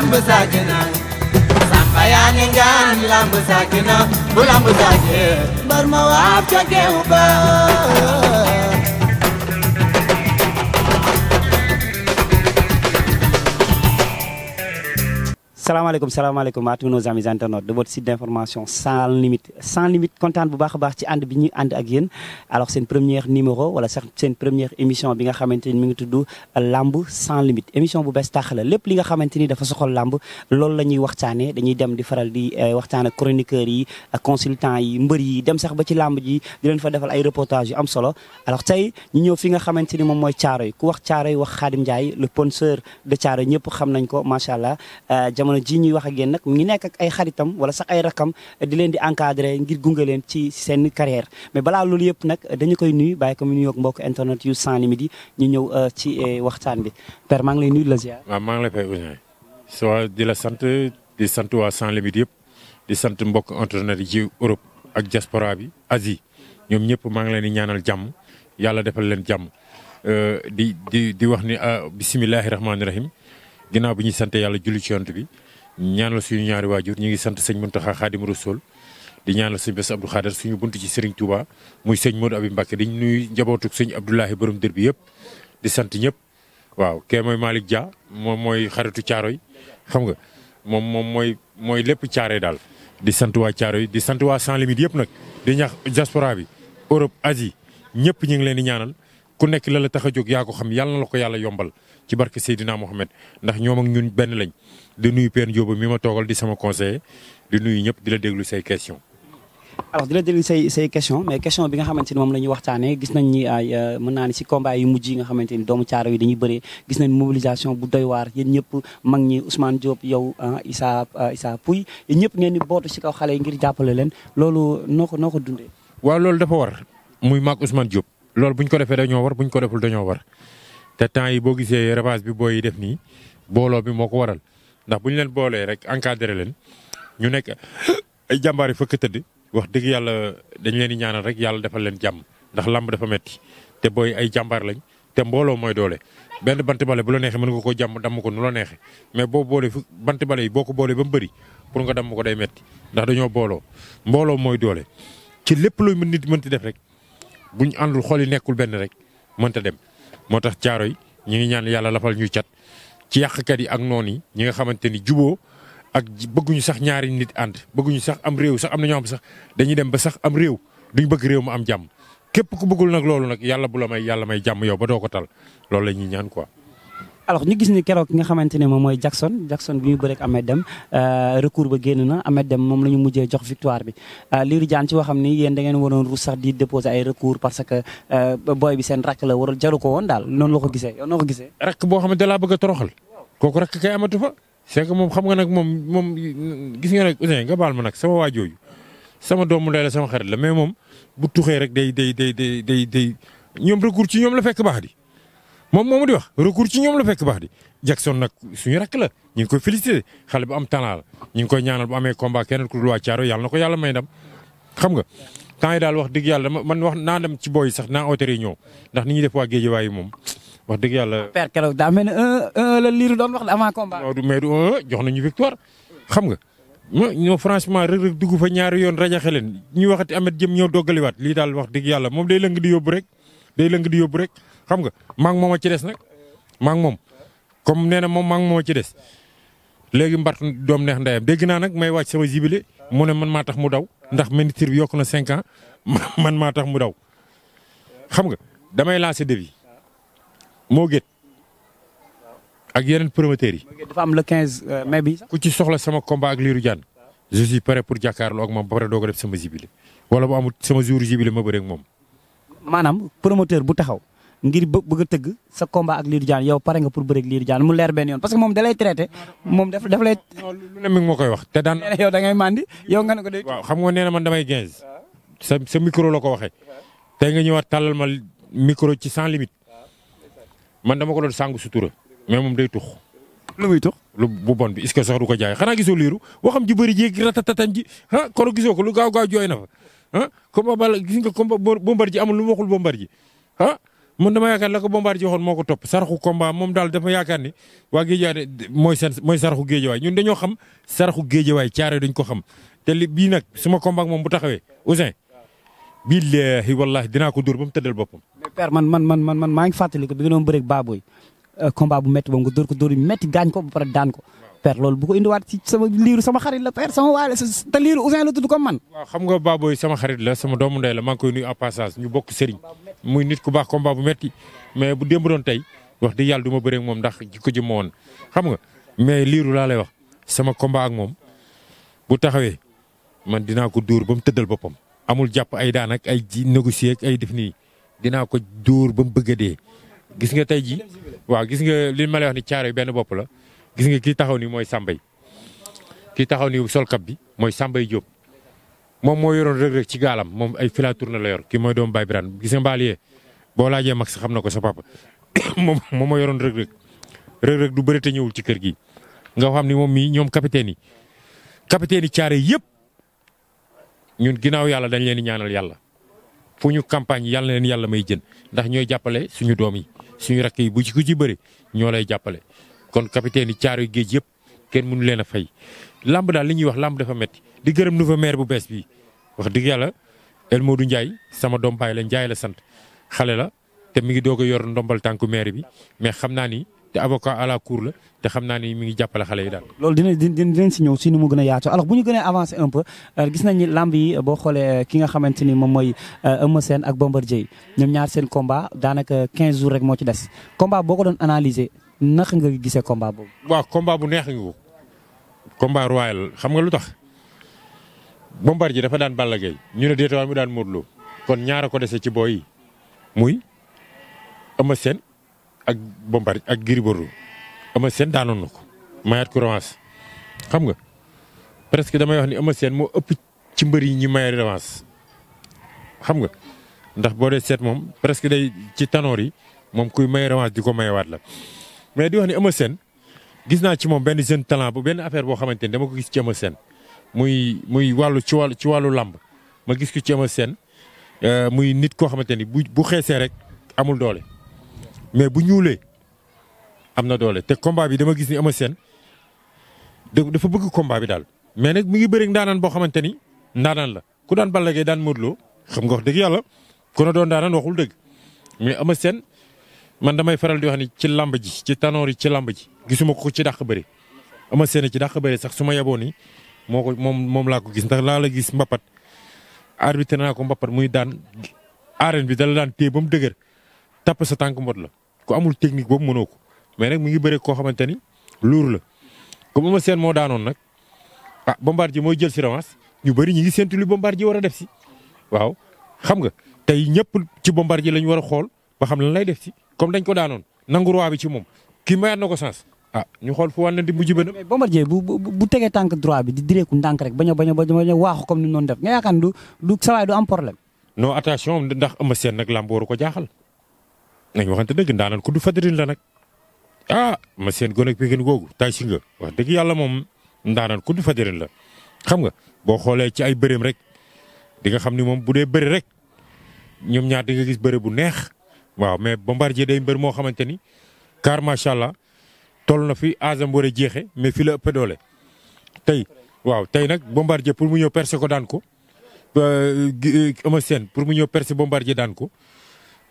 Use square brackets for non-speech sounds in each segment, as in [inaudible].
lamb sàgg na yaa ngi ngaan lamb sàgg bu lamb sàgg mbar ma waaf ca geew ba salaamaaleykum salaamaaleykum à tous nos amis internautes de votre site d'information sans limite sans kontaan bu baax baax ci ànd bi ñuy ànd ak yéen alors seen première numéro wala sax seen première émission bi nga xamante ni mi ngi tudd lamb sans limite émission bu bees tàq la lépp li nga xamante ni dafa soxal lamb loolu la ñuy waxtaanee dañuy dem di faral di eh, waxtaan ak chroniqueurs yi ak yi mbër yi dem sax ba ci lamb ji di leen fa defal ay reportages am solo alors tey ñëw fi nga xamante ni moom mooy Thiaroye ku wax Thiaroye wax Khadim Ndiaye le sponsor de Thiaroye ñëpp xam nañ ko macha allah eh, jamono jamono ji ñuy wax a génn nag mu ngi nekk ak ay xaritam wala sax ay rakam di leen di encadré ngir gunge leen ci seen carrière mais balaa loolu yëpp nag dañu koy nuyu bàyyi ko mu nuyoog mbokk internet yu sans limite yi ñëw euh, ci euh, waxtaan bi père maa ngi lay nuyu la ziar. waaw soo di la sant di sant waa sans yëpp di sant mbokk internet yi ci Europe ak diaspora bi Asie ñoom ñëpp maa ngi leen di ñaanal jàmm yàlla defal leen jàmm euh, di di di wax ni ah, bisimilahi rahmaani rahim ginnaaw bi ñuy sant yàlla julli ci yonent bi ñaanal suñu ñaari waajur ñu ngi sant sëñ Muntaxa Xaadim Rasul di ñaanal sëñ Bass Abdou Khadre suñu bunt ci Serigne Touba muy sëñ Modou Abi Mbacké di nuyu njabootu sëñ Abdoulahi borom dër bi yëpp di sant ñëpp waaw kee mooy Malick Dia moom mooy xaritu yi xam nga moom moom mooy mooy lépp Caaroy daal di sant waa yi di sant waa Sans Limites yëpp nag di ñax diaspora bi Europe Asie ñëpp ñu ngi leen di ñaanal ku nekk la la tax a jóg yaa ko xam yàlla na la ko yàlla yombal ci barke Seydina Mohamed ndax ñoo ak ñun benn lañ di nuyu Père Diop mi ma toogal di sama conseiller di nuyu ñëpp di la déglu say question alors la déglu say say question mais question bi nga xamante ni moom la ñuy waxtaanee gis nañ ni ay euh, mën naa ni si combat yu mujj yi nga xamante ni doomu caaro yi dañuy bëree gis nañ mobilisation bu doy waar yéen ñëpp mag ñi Ousmane jóob yow ah, Issa ah, Issa Pouy yéen ñëpp ngeen ni bootu si kaw xale yi ngir jàppale leen loolu noo ko noo ko dundee. waaw loolu dafa war muy maag Ousmane Diop loolu bu ñu ko defee dañoo war bu ñu ko deful dañoo war te temps yi boo gisee revanche bi booy def nii booloo bi moo ko waral ndax bu ñu leen boolee rek encadré leen ñu nekk [coughs] ay jàmbaar yi fëkk tëdd wax dëgg yàlla dañ leen yi ñaanal rek yàlla defal leen jàmm ndax làmb dafa metti te booy ay jàmbaar lañ te mbooloo mooy doole. benn bant bale bu la neexee mën nga ko jàmm damm ko nu la neexee mais boo boolee fu bant bale yi boo ko boolee ba mu bëri pour nga damm ko day metti ndax dañoo booloo mbooloo mooy doole ci lépp luy nit mënti def rek. bu ñu àndul xool yi nekkul benn rek mënta dem moo tax caaro yi ñu ngi ñaan yàlla lafal ñuy cat ci yàqkat yi ak noon yi ñi nga xamante ni juboo ak bëgguñu sax ñaari nit ànd bëgguñu sax am réew sax am na ñoo xam sax dañuy dem ba sax am réew ñu bëgg réew mu am jàmm képp ku bëggul nag loolu nag yàlla bu la may yàlla may jàmm yow ba doo ko tal loolu la ñuy ñaan quoi. alors ñu gis ni keroog ki nga xamante ne moom mooy Jackson Jackson bi ñu bëreeg euh, na Ahmed Deme moom la ñu mujjee jox victoire bi euh, Lirou Diane ci waxam ni yéen da ngeen waroon ruus sax di déposer ay recours que euh, booy bi seen rakk la waral jaru ko woon daal noonu la ko gisee yow noo ko gisee. rakk boo xam ne da laa a kooku rakk kay fa c'est que xam nga nag moom moom gis nga nag Ousseyn nga baal ma nag sama waa jooju sama doomu ndey la sama xarit la mais moom bu tuxee rek day day day day day ñoom recours ci ñoom la fekk baax di moom moomu di wax recours ci ñoom la fekk baax di Jackson nag suñu rakk la ñu ngi koy félicité xale bu am talent ñu ngi koy ñaanal bu amee combat keneen ku dul waa Thiaro yàlla na ko yàlla may ndam xam nga temps yi daal wax dëgg yàlla dama man wax naa dem ci booy sax naa autorité ñëw ndax ni ñuy def waa géej waaye moom wax dëgg yàlla. Ah, daa mel ne la liiru doon wax avant combat. waaw du mais na un jox nañu victoire xam nga. non franchement rek rek dugg fa ñaari yoon rajaxe leen ñuy waxati amet jëm ñëw doggaliwaat lii daal wax dëgg yàlla moom day lëng di yóbbu rek day lëng di yóbbu rek xam nga maa ngi moom a ci des nag maa moom comme nee na moom maa ngi moom a ci des léegi mbart doom neex ndeyam dégg naa nag may wàcc sama jibile mu ne man maa tax mu daw ndax ministre bi yokk na cinq ans [laughs] man maa tax mu daw xam nga damay lancé défi moo gét ak yeneen promoteurs yi. am le 15 euh, mai bi. ku ci soxla sama combat ak Lirou Diane je suis prêt pour jàkkaarloo ak moom ba pare doo ko def sama jibile wala bu amul sama jour jibile ma bëre ak moom. maanaam promoteur bu taxaw. ngir bëgg a tëgg sa combat ak Lirou jaan yow pare nga pour bëre ak Lirou mu leer benn yoon parce que moom da lay traité moom daf daf lay. non lu ma koy wax te daan. [laughs] yow da ne ko de. na man damay 15. sa sa la ko waxee. tey nga ñëwaat tàllal ma micro ci san limite. man dama ko doon sàngu sutura. mais moom day tux. lu muy tux lu bu bon bi est-ce que sax du ko jaay xanaa gisoo liiru waxam ji bëri jéeg ratatatan ji ah koro gisoo ko lu gaaw gaaw jooy na fa ah comme bala gis nga comme bombar ji amul lu mu waxul bombar ji ah man dama yaakaar la ko Bombardier joxoon moo ko topp saraxu combat moom daal dama yaakaar ni waa Géejawaay mooy seen mooy saraxu Géejawaay ñun dañoo xam saraxu Géejawaay caare duñ ko xam te li bii nag suma combat moom bu taxawee Ouzin billahi wallahi dinaa ko dóor ba mu tëddal boppam. mais père man man man man maa ngi fàttali ko bi nga doon bëreeg Baboy euh, combat bu métti boobu nga dóor ko dóor yu métti gaañ ko ba pare daan ko père loolu bu ko indiwaat ci sama liiru sama xarit la père sama waale te liiru Ousin la tudd comme man. waaw xam nga Baboy sama xarit la sama doomu ndey la maa ngi koy nuyu en passage ñu bokk sëriñ muy nit ku baax combat bu metti mais bu démb doon tey wax di yàll du ma bëreeg moom ndax ji ko jëmma woon xam nga mais liiru laa lay wax sama combat ak moom bu taxawee man dinaa ko dóor ba mu tëddal boppam. amul jàpp ay daanak ay ji négocier ak ay def nii dinaa ko dóor ba mu bëgg gis nga tey ji waaw gis nga li ma lay wax ni caare benn bopp la. gis nga kii taxaw ni mooy Sambay kii taxaw ni solkab bi mooy Sambay Diop moom moo yoroon Reug Reug ci gaalam moom ay filature la yor kii mooy doomu Baye Birane gis nga mbaal boo laajee mag sa xam na ko sa papa [coughs] moom moom moo yoroon Reug Reug Reug du bëri te ñëwul ci kër gi nga xam ni moom mii ñoom capitaine yi capitaine yi caare yëpp ñun ginnaaw yàlla dañ leen di ñaanal yàlla fu ñu campagne yàlla na leen yàlla may jën ndax ñooy jàppale suñu doom yi suñu rakk yi bu ci ci bëri ñoo lay jàppale. kon capitaine yi caaroy géej yëpp kenn mënu leen a fay lamb daal li ñuy wax lamb dafa metti di gërëm nouveau maire bu bees bi wax dëgg yàlla El du Ndiaye sama doom baay la Ndiaye la sant xale la te mi ngi doog yor ndombal tànku maire bi mais xam naa ni te avocat à la cour la te xam naa ni mi ngi jàppale xale yi daal. loolu dina dinañ si ñëw si nu mu gën a yaatu alors bu ñu gën a avancé un peu euh, gis nañ ni yi euh, boo xoolee euh, ki nga xamante ni moom mooy Eumeu Sène ak Bombardier ñoom ñaar seen combat daanaka 15 jours rek moo ci des combat naka nga gisee combat boobu. waaw combat bu neex nga ko. combat royal xam nga lu tax. ji dafa daan Balla Gaye ñu ne déetawaay mu daan Modou Lo ñaar ñaara ko dese ci booy yi muy Eumeu ak Bombardier ak Gris Bordeaux daanoon na ko mayaat ko revanche xam nga presque damay wax ni Eumeu moo ëpp ci mbër yi ñi mayaat revanche xam nga ndax boo dee seet moom presque day ci tanoor yi moom kuy may revanche di ko mayewaat la mais di wax ni Eumeu Sène gis naa ci moom benn jeune talent bu benn affaire boo xamante ni dama ko gis ci Eumeu Sène muy muy wàllu ci wàllu ci wàllu làmb ma gis ko ci Eumeu Sène euh, muy nit koo xamante ni bu bu xeesee rek amul doole mais bu ñuulee am na doole te combat bi dama gis ni Eumeu Sène dafa bëgg combat bi daal. mais nag mu ngi bëri ndaanaan boo xamante ni ndaanaan la ku daan Balla daan Modou xam nga dëgg yàlla ku na doon ndaanaan waxul dëgg mais Eumeu Sène man damay faral di wax ni ci lamb ji ci tanoor yi ci lamb ji gisuma ko ci dàq bëri ama seen ci dàq bëri sax suma ma yeboo ni moo ko moom moom laa ko gis ndax laa la gis mbapat arbitre naa ko mbapat muy daan arène bi dala daan téye ba mu dëgër tapp sa tànk mbot la ku amul technique boobu mënoo ko mais rek mu ngi bëri koo xamante ni luur la comme ama seen moo daanoon nag ah ji mooy jël si revanche ñu bëri ñu ngi séntu lu ji war a def si waaw xam nga tey ñëpp ci Bombardier lañ war a xool ba xam lan lay def si. comme dañ ko daanoon nangu roi bi ci moom kii mayaat na ko sens ah ñu xool fu wàllu di mujj ba. mais Bombardier bu bu bu tegee tànk droit bi di direeku ndànk rek bañ a bañ a bañ a waaxu comme ni mu doon def nga yaakaar du sawaay du am problème. non attention ndax Eumeu Sène nag làmb waru ko jaaxal nañ waxante dëgg ndaanaan ku du fadrin la nag ah Eumeu Sène gone ak Pikine si nga wax dëgg yàlla moom ndaanaan ku du fadrin la xam nga boo xoolee ci ay bëreem rek di nga xam ni moom bu dee bëri rek ñoom ñaar di nga gis bëri bu neex waaw mais Bombardier day mbër moo xamante ni car macha allah toll na fi aasam war a jeexe mais fi la ëpp doole tey waaw tey nag Bombardier pour mu ñëw percer ko daan ko euh, Eumeu seen pour mu ñëw percer Bombardier daan ko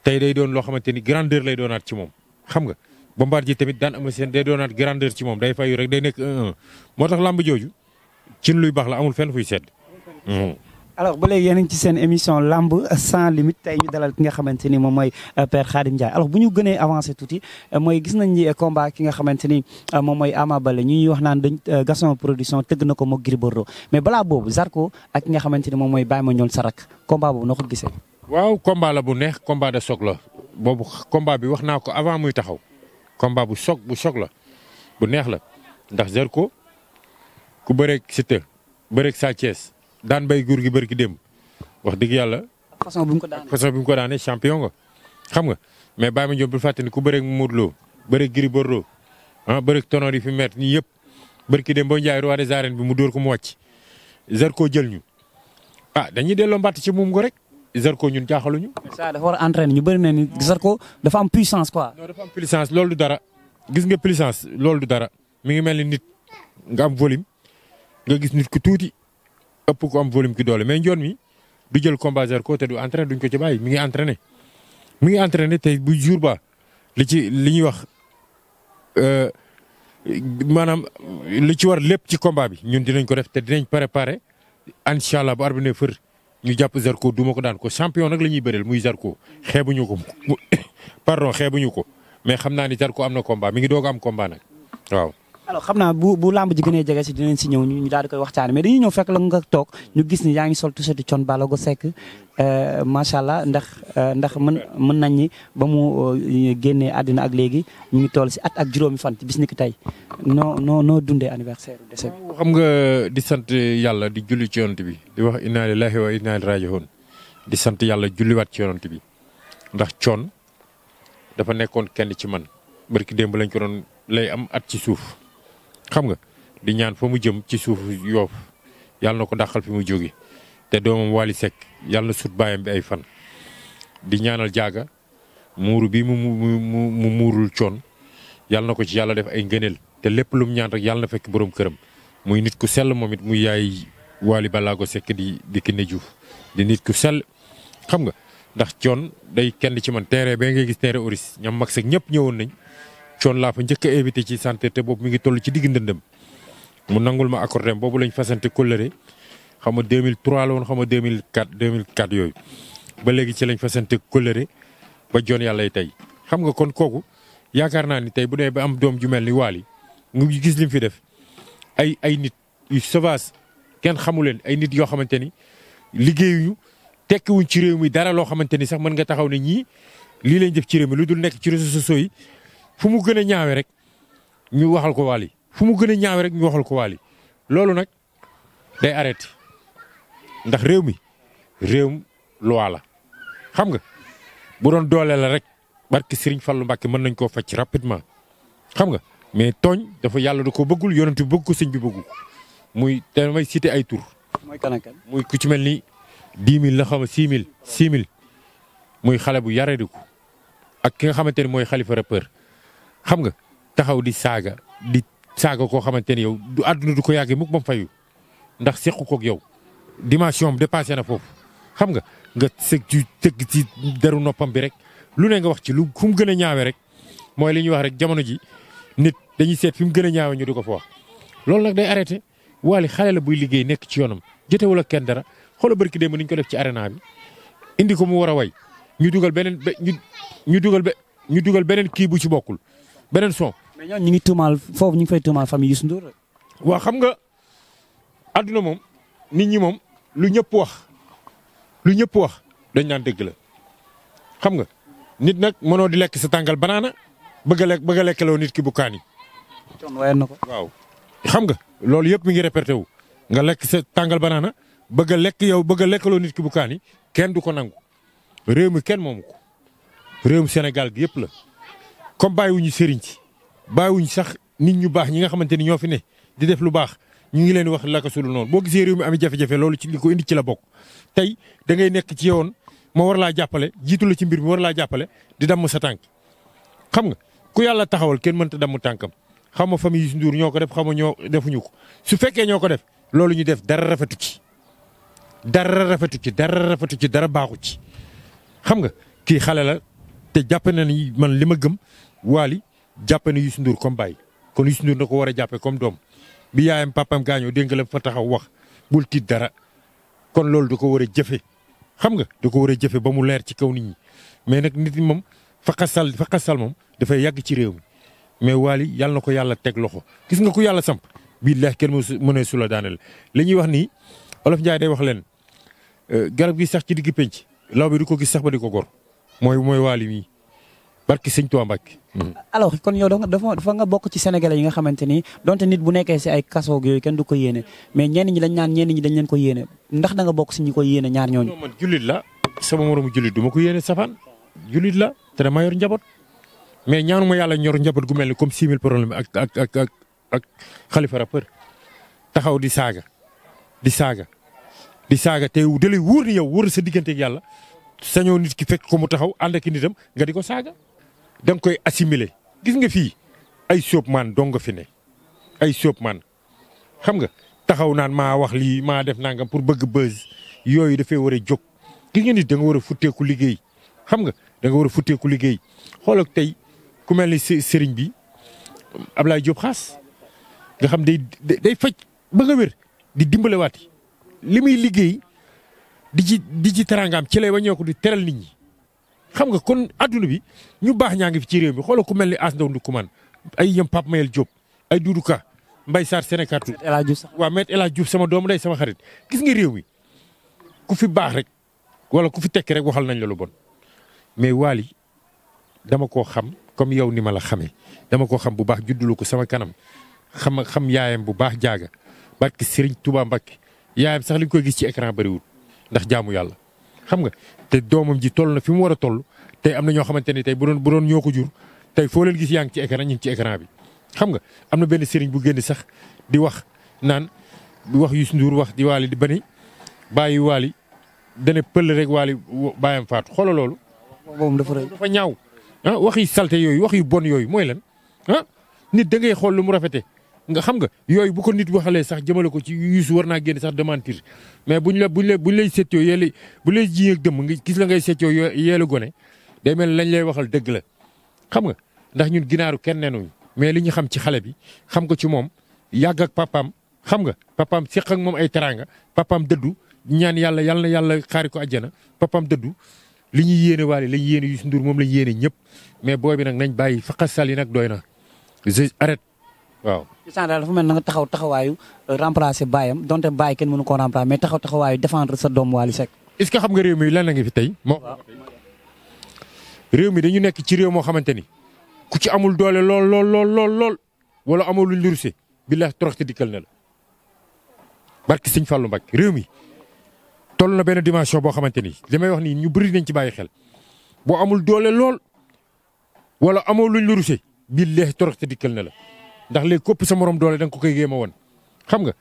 tey day doon loo xamante ni grandeur lay doonaat ci moom xam nga Bombardier tamit daan Eumeu seen day doonaat grandeur ci moom day fayu rek day nekk 1 moo tax làmb jooju cin luy baax la amul fenn fuy sedd hmm. alors ba léegi yéen a ci seen émission lamb sans limite tey ñu dalal ki nga xamante ni moom mooy euh, père Khadim Ndiaye alors bu ñu gënee avancé tuuti euh, mooy gis nañ ni euh, combat ki nga xamante ni moom mooy Ama Baldé ñu ñuy wax naan dañ Gaston production tëgg na ko moog Gris Bordeaux mais balaa boobu Zarko ak ki nga xamante ni moom mooy Baye Mandione Sarak combat boobu noo ko gisee. waaw combat la bu neex combat de choc la boobu combat bi wax naa ko avant muy taxaw combat b choc bu choc la bu neex la ndax Zarko ku bëreeg Siteu bëreeg Sa daan bay guur gi bëri ki démb wax dëgg yàlla. façon bi mu ko daanee façon bi mu ko daanee champion nga. xam nga mais Baye Mandione bu fàttali ku bëreeg mu Lo bëreeg Gris Bordeaux ah bëreeg tonor yi fi mu métti ñii yëpp bëri ki démb boo njaay roi des arènes bi mu dóor ko mu wàcc. Zarko jël ñu ah dañuy delloo mbàtt ci moom ko rek Zarko ñun jaaxaluñu. ça dafa war a entraîner ñu bëri na ni Zarko dafa am puissance quoi. non dafa am puissance loolu du dara gis nga puissance loolu du dara mi ngi mel ni nit nga am volume nga gis nit ku tuuti ëpp ko am volume ki doole mais njoon mi du jël combat Zarko te du entraîné duñ ko ci bàyyi mi ngi entraîné. mi ngi entraîné te bu jour ba li ci li ñuy wax euh, maanaam li ci war lépp ci combat bi ñun dinañ ko def te dinañ pare incha allah bu arbitre fër ñu jàpp Zarko duma ko daan ko champion nag la ñuy bëreel muy Zarko xeebuñu ko [coughs] pardon ñu ko mais xam naa ni Zarko am na combat mi ngi doog am combat nag waaw. alors xam naa bu bu làmb ji gënee jege si dinañ si ñëw ñu daal di koy waxtaanee mais dañuy ñëw fekk la nga toog ñu gis ni yaa ngi sol tuuti Thione Ballago Seck euh, macha allah ndax euh, ndax mën mën nañ ñi ba mu euh, génnee àddina ak léegi ñu ngi toll si at ak juróomi fan bis ni ki tey noo noo noo dundee anniversaire décès bi. xam nga di sant yàlla di julli ci yonent bi di wax inna lillahi wa inna ilayhi di sant yàlla julliwaat ci yonent bi ndax Thione dafa nekkoon kenn ci man barki démb lañ ko doon lay am at ci suuf. xam nga di ñaan fa mu jëm ci suuf yoof yàlla na ko dàqal fi mu jóge te doomam Wally Seck yàlla na sut baayam bi ay fan di ñaanal jaaga muuru bi mu mu mu muurul coon yàlla na ko ci yàlla def ay ngëneel te lépp lu mu ñaan rek yàlla na fekk boroom këram muy nit ku sell moom it muy yaay Wally Ballago sekk di di Kiné Diouf di nit ku sell xam nga ndax coon day kenn ci man teere ba ngay gis teere oris ñam mag sax ñëpp ñëwoon nañ coon laa fa njëkk a invité ci santé te boobu mi ngi toll ci digg ndëndëm mu nangul ma accordé boobu lañ fasante kóllëre xam nga 2003 la woon xam nga 2004 2004 yooyu ba léegi ci lañ fasante kóllëre ba joon yàlla tey xam nga kon kooku yaakaar naa ni tey bu dee ba am doom ju mel ni waali nga gis lim fi def ay ay nit yu sauvage kenn xamu leen ay nit yoo xamante ni liggéeyuñu tekkiwuñ ci réew mi dara loo xamante ni sax mën nga taxaw ne ñii lii lañ def ci réew mi lu dul nekk ci réseaux sociaux yi fu mu gën a ñaawe rek ñu waxal ko waali fu mu gën a ñaawe rek ñu waxal ko Wally loolu nag day arrêté ndax réew mi réewum loi la xam nga bu doon doole la rek barki Serigne Fallou Mbacké mën nañ koo facc rapidement xam nga mais tooñ dafa yàlla du ko bëggul yonent bi bëgg sëñ bi bëggu muy te damay cité ay tur mooy kan ak kan muy ku ci mel ni dix mille la xam ne six mille six mille muy xale bu yaree ko ak ki nga xamante ne mooy xalifa rappeur xam nga taxaw di saaga di saaga koo xamante ni yow du àdduna du ko yàggee mukk ba mu fayu ndax sequ kook yow dimension bi dépassé na foofu xam nga nga sëg ci tëgg ci deru noppam bi rek lu ne nga wax ci lu fu mu gën a ñaawee rek mooy li ñuy wax rek jamono ji nit dañuy seet fi mu gën a ñaawee ñu di ko wax. loolu day arrêté waali xale buy liggéey nekk ci yoonam jotewul ak kenn dara xoolal barki démb ni ñu ko def ci arena indi ko mu war a way ñu dugal beneen ñu dugal ñu dugal beneen kii bu ci bokkul. beneen son. mais ñu ngi tuumaal foofu ñu ngi fay tuumaal famille Youssou Ndour rek. waa xam nga àdduna moom nit ñi moom lu ñëpp wax lu ñëpp wax dañ naan dëgg la xam nga nit nag mënoo di lekk sa tàngal banaana bëgg a lekk bëgg a nit ki bu kaani. waaye na ko waaw. xam nga loolu yëpp mi ngi réperté wu nga lekk sa tàngal banaana bëgg a yow bëgg nit ki bu kaani kenn du ko nangu réew mi kenn moomu ko réew mi Sénégal gi yëpp la. comme bàyyiwuñu sëriñ si bàyyiwuñu sax nit ñu baax ñi nga xamante ni ñoo fi ne di def lu baax ñu ngi leen wax lakasulu noonu boo gisee réew mi amee jafe-jafe loolu ci li ko indi ci la bokk. tey da ngay nekk ci yoon ma war laa jàppale jiitu la ci mbir mi war laa jàppale di damm sa tànk xam nga ku yàlla taxawal kenn mënta damm tànkam xam nga famille Youssou Ndour ñoo ko def xam nga ñoo defuñu ko su fekkee ñoo ko def loolu ñu def dara rafetu ci dara rafetu ci dara rafetu ci dara baaxu ci xam nga kii xale la te jàpp na ni man li ma gëm Waly jàppe ne Youssou Ndour comme baay kon Youssou Ndour na ko war a jàppe comme doom bi yaayam papam gaañoo dégg nga la fa taxaw wax bul tiit dara kon loolu da ko war a jëfe xam nga da ko war a jëfe ba mu leer ci kaw nit ñi mais nag nit ñi moom fa faqasal moom dafay yàgg ci réew mi mais Waly yàlla na ko yàlla teg loxo gis nga ko yàlla samp bii billahi kenn mënee su la daaneel li ñuy wax nii Olof Njaay day wax leen euh, garab gi sax ci digg pénc law bi du ko gis sax ba di ko gor mooy mooy Waly barki sëñ Tuubaa Mbàkke alors kon yow dafa dafa nga bokk ci sénégalais yi nga xamante ni donte nit bu nekkee si ay kaso yooyu kenn du ko yéene mais ñenn ñi dañ naan ñenn ñi dañ leen ko yéene ndax da nga bokk si ko yéene ñaar ñooñu. man jullit la sama moromu jullit du ma ko yéene safaan jullit la te dama yor njaboot mais ñaanuma yàlla ñor njaboot gu mel ni comme 6000 problème ak ak ak ak xalifa rappeur taxaw di saaga di saaga di saaga te dalay wóor ni yow wóor sa digganteeg yàlla sañoo nit ki fekk ko mu taxaw ànd nga di ko saaga. da koy assimile gis nga fii ay sóob maan dong nga fi ne ay sóob maan xam nga taxaw naan maa wax lii maa def nangam pour bëgg buzz yooyu dafay war a jóg gis nga nit da war a futteeku liggéey xam nga da war a futteeku liggéey xool tey ku mel ni sëriñ bi Ablaye Diop xas nga xam day day faj ba nga wér di dimbalewaat yi li muy liggéey di ci di ci teraangaam ci lay waññeeku di teral nit ñi xam nga kon adduna bi ñu baax ñaa ngi fi ci réew mi xoolal ku mel ni As Ndaw Ndoukoumane ay yëm Pape Mayel Diop ay Doudou Ka Mbaye Sarr Sénékartu waaw Maître El sama doom day sama xarit gis nga réew mi ku fi baax rek wala ku fi tekk rek waxal nañ la lu bon mais Wally dama koo xam comme yow ni ma la xamee dama koo xam bu baax juddulu ko sama kanam xam xam yaayam bu baax jaaga barki sëriñ Touba Mbacké yaayam sax li ñu koy gis ci écran bëriwul ndax yàlla xam nga te doomam ji toll na fi mu war a toll tey am na ñoo xamante ni tey bu doon bu doon ñoo ko jur tey foo leen gis yaa ngi ci écran ñu ci écran bi. xam nga am na benn sëriñ bu génn sax di wax naan di wax Youssou Ndour wax di waali di bani bàyyi waali dana pël rek waali bàyyam faatu xoola loolu. moom dafa rëy ñaaw ah wax yu salte yooyu wax yu bon yooyu mooy leen ah nit da ngay xool lu mu rafete nga xam nga yooyu bu ko nit waxalee sax jëmale ko ci Youssou war naa génn sax démentir mais buñ la buñ la buñ lay seetloo yéen bu lay ji ak dëmm nga gis la ngay seetloo yéelu gone day mel lañ lay waxal dëgg la xam nga ndax ñun ginaaru kenn nenuñ mais li ñu xam ci xale bi xam ko ci moom yàgg ak papaam xam nga papaam seq ak moom ay teraanga papaam dëddu ñaan yàlla yàlla na yàlla xaari ko àjjana papaam dëddu li ñuy yéene waale lañ yéene Youssou Ndour moom lañ yéene ñëpp mais booy nag nañ bàyyi faqasal yi nag doy na waaw Liss daal mel na nga taxaw taxawaayu euh, remplacer baayam donte baay kenn mënu koo remplacer mais taxaw taxawaayu défendre sa doom Wally Seck. est-ce que xam nga réew mi lan la nga fi tey moo. réew mi dañu nekk ci réew moo xamante ni ku ci amul doole lool lool lool lool lool wala amul lu lurusé billahi torox ci dikkal na la barki Sëñ Fallou réew mi toll na benn dimension boo xamante ni li may nii ñu bëri nañ ci bàyyi xel boo amul doole lool wala amoo luñ lurusé billahi torox ci dikkal la. ndax léegi képp sa moroom doole danga ko koy géem a woon xam nga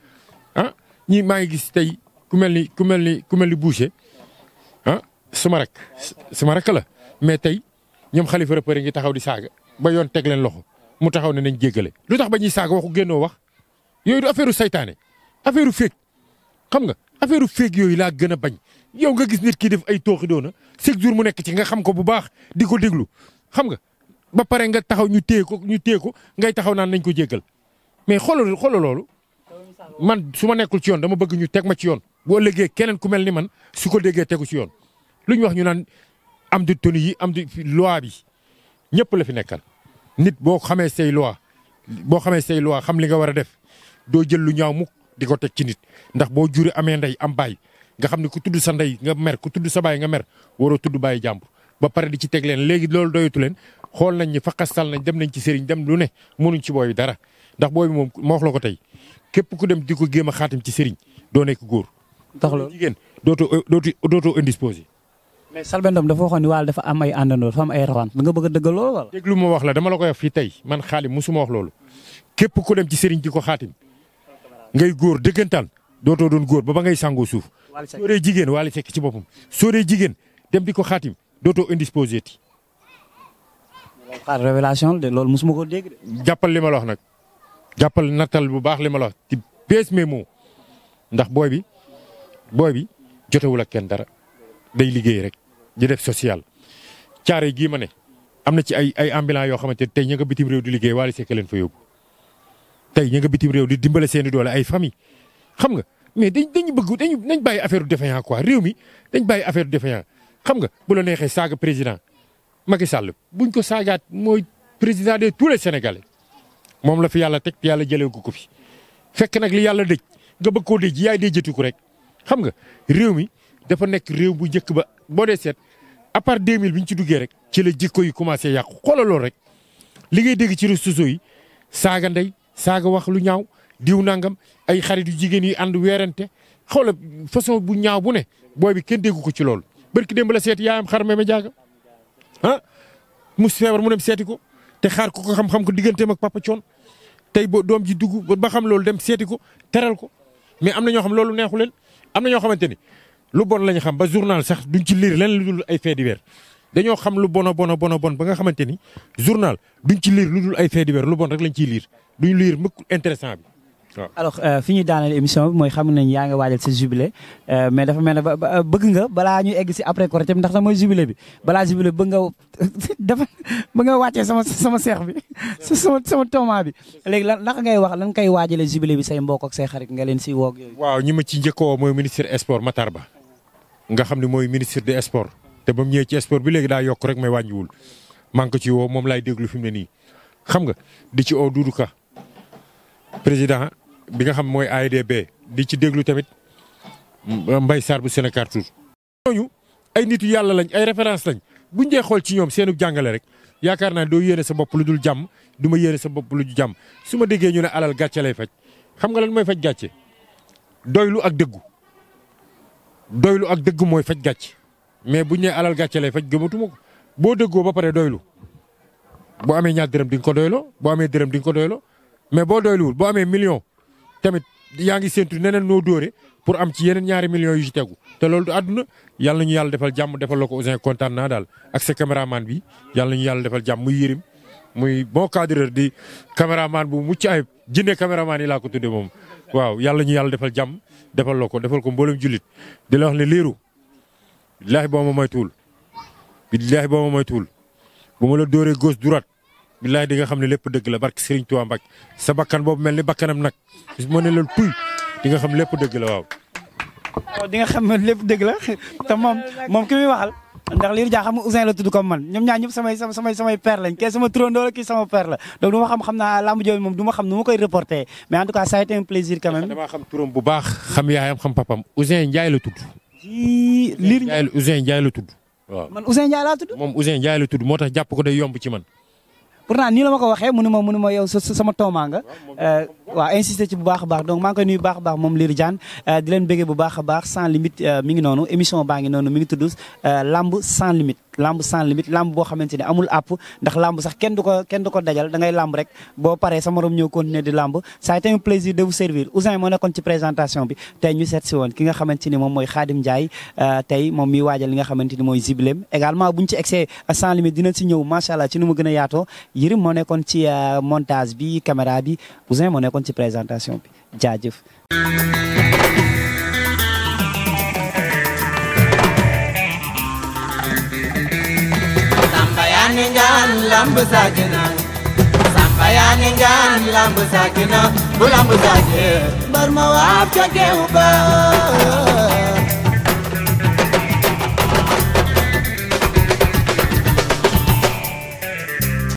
ah, ñii maa ngi gis tey ku mel ni ku mel ni ku mel ni Boucher ah suma rek suma rek la mais tey ñoom xalifa rëppëri ngi taxaw di saaga ba yoon teg leen loxo mu taxaw ne nañ jéggale lu tax ba ñuy saaga waxu génnoo wax yooyu du affaire u saytaane affaire u féeg xam nga affaire u féeg yooyu laa gën a bañ yow nga gis nit kii def ay tooxi doona chaque jour mu nekk ci nga xam ko bu baax di ko déglu xam nga ba pare nga taxaw ñu téye ko ñu téye ko ngay taxaw naan nañ ko jéggal mais xoolal xoolal loolu man su ma nekkul ci yoon dama bëgg ñu teg ma ci yoon. boo léegee keneen ku mel ni man su ko déggee tegu ci yoon lu ñu wax ñu naan am di tenue yi am di loi bi ñëpp la fi nekkal nit boo xamee sey loi boo xamee sey loi xam li nga war a def doo jël lu ñaaw mukk di ko teg ci nit ndax boo jure amee ndey am baay nga xam ne ku tudd sa ndey nga mer ku tudd sa baay nga mer waroo tudd baay jàmbur ba pare di ci teg leen léegi loolu doyatu leen xool nañ ñu fa xastal nañ dem nañ ci sëriñ dem lu ne mënuñ ci booy bi dara ndax booy bi moom ma wax la ko tey képp ku dem di ko géem a xaatim ci sëriñ doo nekk góor. tax loolu jigéen dootoo euh, dootoo dootoo indisposé. mais Selbé Ndom dafa waxoon ni Wally dafa am ay àndandoo dafa am ay rawaan nga bëgg a dëggal loolu wala. ma wax la dama la koy wax fii tey man xaalim musuma wax loolu képp ku dem ci sëriñ di ko xaatim ngay góor dëggantaan dootoo doon góor ba ba ngay sàngoo suuf. soo dee jigéen Wally Seck ci boppam soo dee jigéen dem di ko xaatim dootoo indisposé ti xaar de loolu mosuma ko dégg de. jàppal li ma la nag jàppal nattal bu baax li ma la wax ci bees meemu ndax booy bi booy bi jotewul ak kenn dara day liggéey rek di def social caare gii ma ne am na ci ay ay ambulants yoo xamante tey ña nga bitim réew di liggéey Wally Seck leen fa yóbbu tey ña nga bitim réew di dimbale seeni doole ay famille xam nga mais dañ dañu bëgg dañu nañ bàyyi affaire du défaillant quoi réew mi dañ bàyyi affaire du xam nga bu la neexee saaga président. Macky bu buñ ko saagaat mooy président de tous les sénégalais moom la fi yàlla teg te yàlla jëlee ko ko fi fekk nag li yàlla dëj nga bëgg koo dëj yaay dëjati ko rek xam nga réew mi dafa nekk réew bu njëkk ba boo dee seet à part 2000 bi ñu ci duggee rek ci la jikko yi commencé yàqu xoolal loolu rek li ngay dégg ci réseaux sociaux yi saaga ndey saaga wax lu ñaaw diw nangam ay xarit yu jigéen yi ànd weerante xoolal façon bu ñaaw bu ne booy bi kenn déggu ko ci loolu ah mu feebar mu dem seeti ko te xaar ko ko xam-xam ko digganteem ak papa coon tey boo doom ji dugg ba xam loolu dem seeti ko teral ko mais am na ñoo xam loolu neexu leen am na ñoo xamante ni lu bon lañu xam ba journal sax duñ ci lire len lu dul ay faits divers dañoo xam lu bon a bon a bon bon ba nga xamante ni journal duñ ci liir lu dul ay faits divers lu bon rek lañ ciy lire duñ liir mukk intéressant bi. alors euh, fi ñuy daaneel émission bi mooy xam nañ yaa nga waajal sa jubilé euh, mais dafa mel ne bëgg nga balaa ñu egg si après Korité bi ndax nag mooy jubilé bi balaa jubilé nga [laughs] dafa bëgg nga wàccee sama sama seex bi [laughs] sama sama tooma bi léegi lan ngay wax lan ngay waajalee jubilé bi say mbokk ak say xarit nga leen si woog yooyu. waaw ñi ma ci njëkkoo mooy ministre sport Matar Ba nga xam ne mooy ministre des sports te ba mu ñëwee ci sport bi léegi daa yokk rek may wàññiwul maa ngi ko ci woo moom laay déglu fi mu ne nii xam nga di ci oo Doudou Ka président bi nga xam mooy AIDB di ci déglu tamit euh, mbay Sarr bu Sénécartour. ñooñu ay nit yàlla lañ ay référence lañ buñ dee xool ci ñoom seenu jàngale rek yaakaar naa doo yéene sa bopp lu dul jàmm du ma yéene sa bopp lu dul jàmm su ma déggee ñu ne alal gàcce lay faj xam nga lan mooy faj gàcce doylu ak dëggu doylu ak dëgg mooy faj gàcc mais buñ nee alal gàcce lay faj gëmatuma ko boo dëggoo ba pare doylu boo amee ñaar dërëm di nga ko doyloo boo amee dërëm di nga ko doyloo mais boo doyluwul boo amee million. tamit yaa ngi séntu neneen noo dóore pour am ci yeneen ñaari millions yu ci tegu te loolu du àdduna yàlla na ñu yàlla defal jàmm defal la ko Ouzin kontaan naa daal ak sa caméraman bi yàlla na ñu yàlla defal jàmm muy yërim muy bon cadreur di caméraman bu mucc ayib jinne caméraman yi laa ko tuddee moom. waaw yàlla ñu yàlla defal jàmm defal la ko defal ko mboolem jullit di la wax ne liiru billaahi boo ma moytuwul billaahi boo ma moytuwul bu ma la dóoree billaay di nga xam ne lépp dëgg la barke Serigne Touba Mbacke sa bakkan boobu mel ni bakkanam nag bis ma ne leen tuy di nga xam lépp dëgg la waaw. waaw di nga xam ne lépp dëgg la te moom moom ki muy waxal ndax liir jaa xam la tudd comme man ñoom ñaar ñëpp samay samay samay père lañ sama turandoo la kii sama père la donc du ma xam xam naa làmb moom du ma xam nu ma koy reporté mais en tout a été un plaisir quand même. damaa xam turam bu baax xam yaayam xam papam Ousin Ndiaye la tudd. liir Ousin la tudd. waaw man Ousin Ndiaye laa tudd. moom Ousin Ndiaye moo tax jàpp ko day yomb ci man pour pourtant nii la ma ko waxee mënu ma mënu ma yow sama toomaa nga euh, waaw insisté ci bu baax a baax donc maa ngi koy baax a baax moom Lirou Diane euh, di leen béggee bu baax a baax sans limite euh, mi ngi noonu émission baa ngi noonu mi ngi tudd lamb sans limite lamb sans limite lamb boo xamante ne amul àpp ndax lamb sax kenn du ko kenn du ko dajal da ngay lamb rek boo paree sa morom ñëw continuer di lamb ça a été un plaisir de vous servir Ousin moo nekkoon ci présentation bi tey ñu seet si ki nga xamante ni moom mooy Khadim Ndiaye euh, tey moom miy waajal li nga xamante ni mooy jubiléem également buñ ci excès sans limite dinañ si ñëw macha allah ci nu gën a yaatoo Yirim moo nekkoon ci euh, montage bi caméra bi Ousin moo nekkoon ci présentation bi jaajëf ngaan lamb saake na samba yaa ngi ngaan lamb saake na bu lamb saake mbar ma waaf ca geew ba